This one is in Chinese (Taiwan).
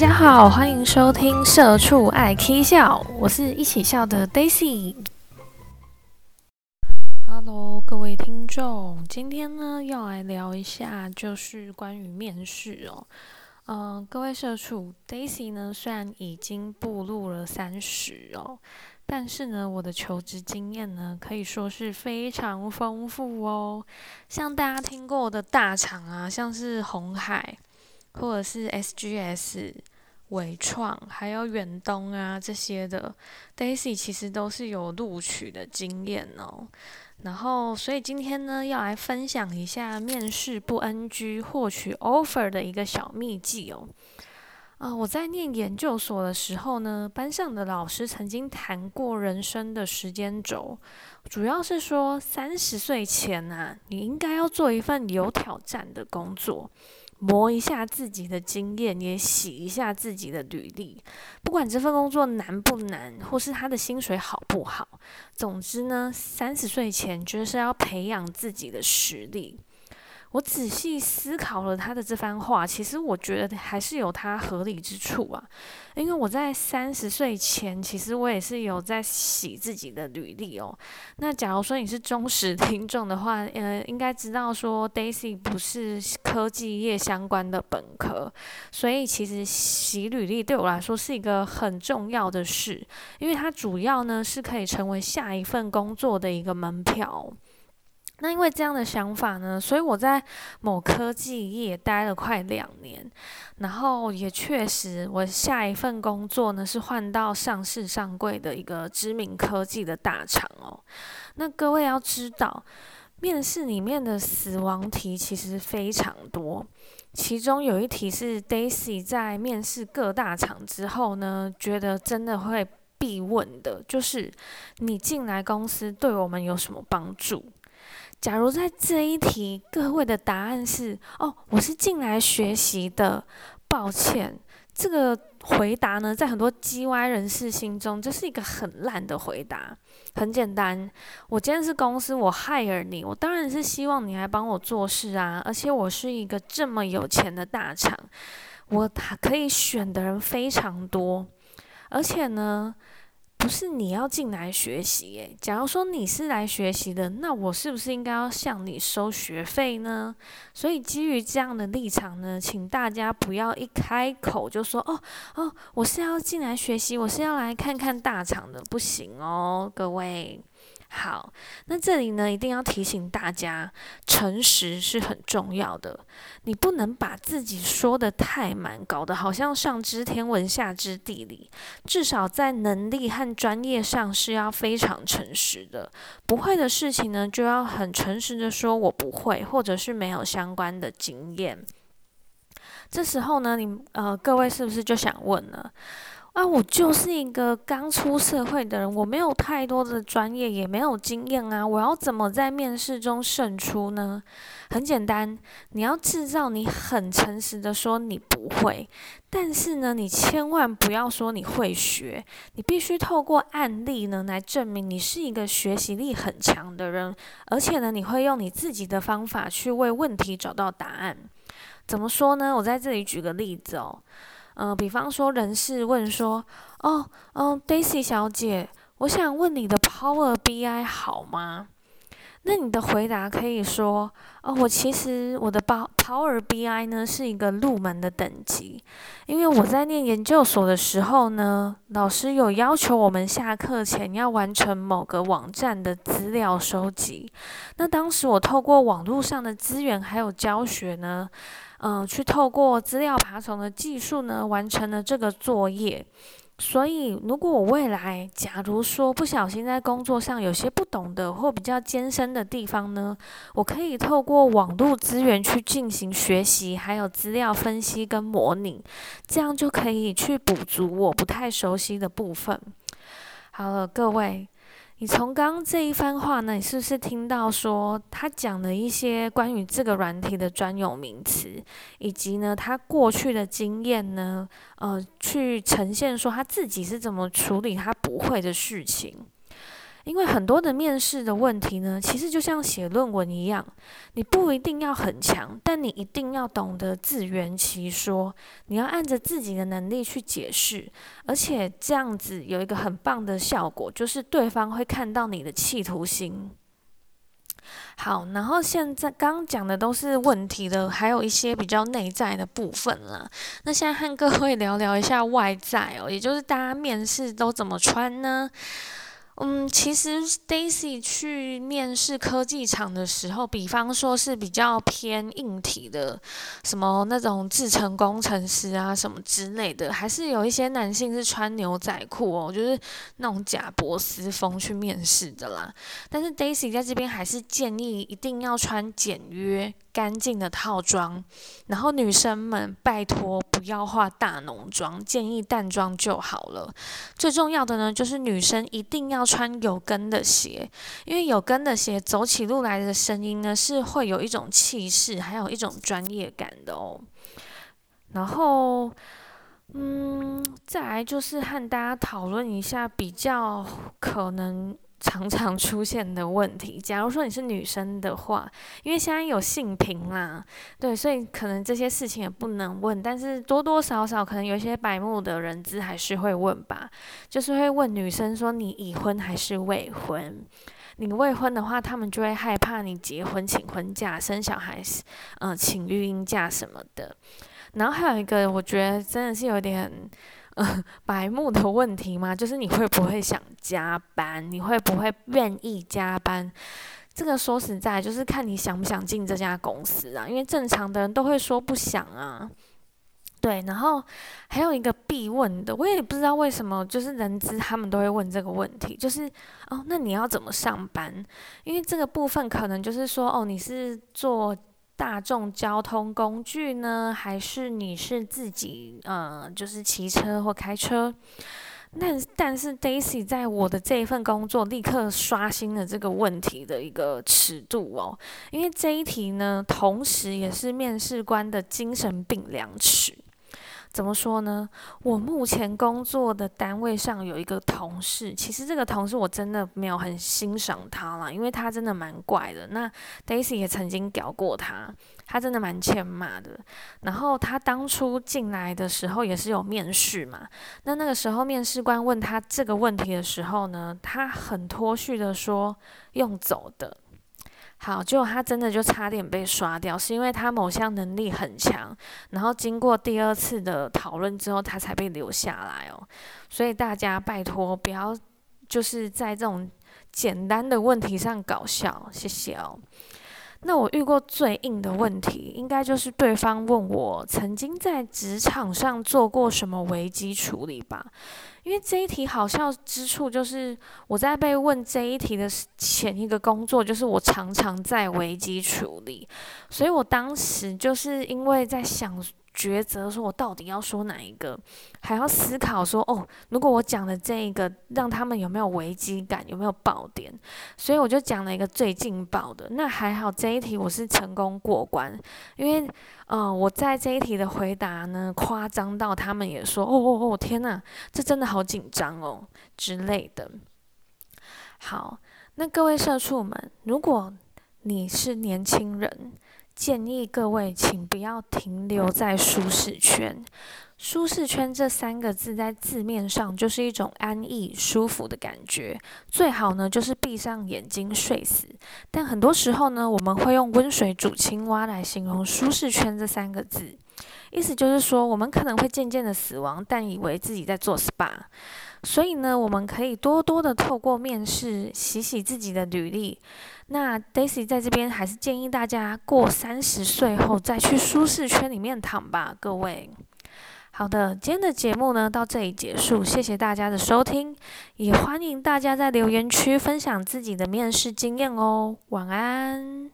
大家好，歡迎收聽《社畜愛 K 笑》，我是一起笑的 Daisy。Hello，各位聽眾，今天呢要來聊一下，就是關於面試哦。嗯、呃，各位社畜，Daisy 呢雖然已經步入了三十哦，但是呢，我的求職經驗呢可以說是非常豐富哦。像大家聽過的大廠啊，像是鴻海。或者是 SGS、緯創，還有遠東啊這些的，Daisy 其實都是有錄取的經驗哦。然後，所以今天呢，要來分享一下面試不 NG 獲取 Offer 的一個小密技哦。啊、呃，我在念研究所的時候呢，班上的老師曾經談過人生的時間軸，主要是說三十歲前啊，你應該要做一份有挑戰的工作。磨一下自己的經驗，也洗一下自己的履歷。不管這份工作難不難，或是他的薪水好不好，總之呢，三十歲前就是要培養自己的實力。我仔細思考了他的這番話，其實我覺得還是有他合理之處啊。因為我在三十歲前，其實我也是有在洗自己的履歷哦。那假如說你是忠實聽眾的話，呃，應該知道說 Daisy 不是科技業相關的本科，所以其實洗履歷對我來說是一個很重要的事，因為它主要呢是可以成為下一份工作的一個門票。那因為這樣的想法呢，所以我在某科技業待了快兩年，然後也確實，我下一份工作呢是換到上市上櫃的一個知名科技的大廠哦。那各位要知道，面試裡面的死亡題其實非常多，其中有一題是 Daisy 在面試各大廠之後呢，覺得真的會必問的，就是你進來公司對我們有什麼幫助？假如在這一題，各位的答案是哦，我是進來學習的，抱歉，這個回答呢，在很多 G Y 人士心中，就是一個很爛的回答。很簡單，我今天是公司，我 hire 你，我當然是希望你還幫我做事啊。而且我是一個這麼有錢的大廠，我可以選的人非常多，而且呢。不是你要進來學習誒，假如說你是來學習的，那我是不是應該要向你收學費呢？所以基於這樣的立場呢，請大家不要一開口就說“哦哦，我是要進來學習，我是要來看看大廠的”，不行哦，各位。好，那這裡呢，一定要提醒大家，誠實是很重要的。你不能把自己說得太滿，搞得好像上知天文下知地理，至少在能力和專業上是要非常誠實的。不會的事情呢，就要很誠實的說，我不會，或者是沒有相關的經驗。這時候呢，你呃，各位是不是就想問了？啊，我就是一個剛出社會的人，我沒有太多的專業，也沒有經驗啊。我要怎麼在面試中勝出呢？很簡單，你要制造你很誠實的說你不會，但是呢，你千萬不要說你會學，你必須透過案例呢來證明你是一個學習力很強的人，而且呢，你會用你自己的方法去為問題找到答案。怎麼說呢？我在這裡舉個例子哦。嗯、呃，比方說人事問說：“哦，嗯、哦，Daisy 小姐，我想問你的 Power BI 好嗎？”那你的回答可以說：“哦，我其實我的包 Power BI 呢是一個入門的等級，因為我在念研究所的時候呢，老師有要求我們下課前要完成某個網站的資料收集。那當時我透過網絡上的資源還有教學呢。”嗯，去透過資料爬蟲的技術呢，完成了這個作業。所以，如果我未來假如說不小心在工作上有些不懂的或比較艱深的地方呢，我可以透過網絡資源去進行學習，還有資料分析跟模擬，這樣就可以去補足我不太熟悉的部分。好了，各位。你從剛剛這一番話呢，你是不是聽到說他講了一些關於這個軟體的專有名詞，以及呢他過去的經驗呢？呃，去呈現說他自己是怎麼處理他不會的事情。因為很多的面試的問題呢，其實就像寫論文一樣，你不一定要很強，但你一定要懂得自圓其說，你要按着自己的能力去解釋，而且這樣子有一個很棒的效果，就是對方會看到你的企圖心。好，然後現在剛剛講的都是問題的，還有一些比較內在的部分了。那現在和各位聊聊一下外在哦，也就是大家面試都怎麼穿呢？嗯，其實 Daisy 去面試科技廠的時候，比方說是比較偏硬體的，什麼那種製程工程師啊，什麼之類的，還是有一些男性是穿牛仔褲哦，就是那種賈伯斯風去面試的啦。但是 Daisy 在這邊還是建議一定要穿簡約乾淨的套裝，然後女生們拜託。不要化大濃妝，建議淡妝就好了。最重要的呢，就是女生一定要穿有跟的鞋，因為有跟的鞋走起路來的聲音呢，是會有一種氣勢，還有一種專業感的哦。然後，嗯，再來就是和大家討論一下，比較可能。常常出現的問題，假如說你是女生的話，因為現在有性平啦，對，所以可能這些事情也不能問，但是多多少少可能有一些白目的人資還是會問吧，就是會問女生說，你已婚還是未婚？你未婚的話，他們就會害怕你結婚、請婚假、生小孩、嗯、呃，請育嬰假什麼的。然後還有一個，我覺得真的是有點。白目的問題嗎？就是你會不會想加班？你會不會願意加班？這個說實在，就是看你想不想進這家公司啊。因為正常的人都會說不想啊。對，然後還有一個必問的，我也不知道為什麼，就是人資他們都會問這個問題，就是哦，那你要怎麼上班？因為這個部分可能就是說，哦，你是做。大眾交通工具呢，還是你是自己呃，就是騎車或開車？那但是 Daisy 在我的這一份工作立刻刷新了這個問題的一個尺度哦，因為這一題呢，同時也是面試官的精神病量尺。怎麼說呢？我目前工作的單位上有一個同事，其實這個同事我真的沒有很欣賞他啦，因為他真的蠻怪的。那 Daisy 也曾經屌過他，他真的蠻欠罵的。然後他當初進來的時候也是有面試嘛，那那個時候面試官問他這個問題的時候呢，他很脫序的說用走的。好，就他真的就差點被刷掉，是因為他某項能力很強，然後經過第二次的討論之後，他才被留下來哦。所以大家拜託，不要就是在這種簡單的問題上搞笑，謝謝哦。那我遇過最硬的問題，應該就是對方問我曾經在職場上做過什麼危機處理吧？因為這一題好笑之處就是，我在被問這一題的前一個工作，就是我常常在危機處理，所以我當時就是因為在想。抉擇，說我到底要說哪一個？還要思考說，哦，如果我講的這一個，讓他們有沒有危機感，有沒有爆點？所以我就講了一個最勁爆的。那還好，這一題我是成功過關，因為，嗯、呃，我在這一題的回答呢，誇張到他們也說，哦哦哦，天吶，這真的好緊張哦之類的。好，那各位社畜們，如果你是年輕人，建議各位，請不要停留在舒適圈。舒適圈這三個字，在字面上就是一種安逸、舒服的感覺。最好呢，就是閉上眼睛睡死。但很多時候呢，我們會用溫水煮青蛙來形容舒適圈這三個字。意思就是說，我們可能會漸漸的死亡，但以為自己在做 SPA。所以呢，我們可以多多的透過面試洗洗自己的履歷。那 Daisy 在這邊還是建議大家過三十歲後再去舒適圈裡面躺吧，各位。好的，今天的節目呢到這裡結束，謝謝大家的收聽，也歡迎大家在留言區分享自己的面試經驗哦。晚安。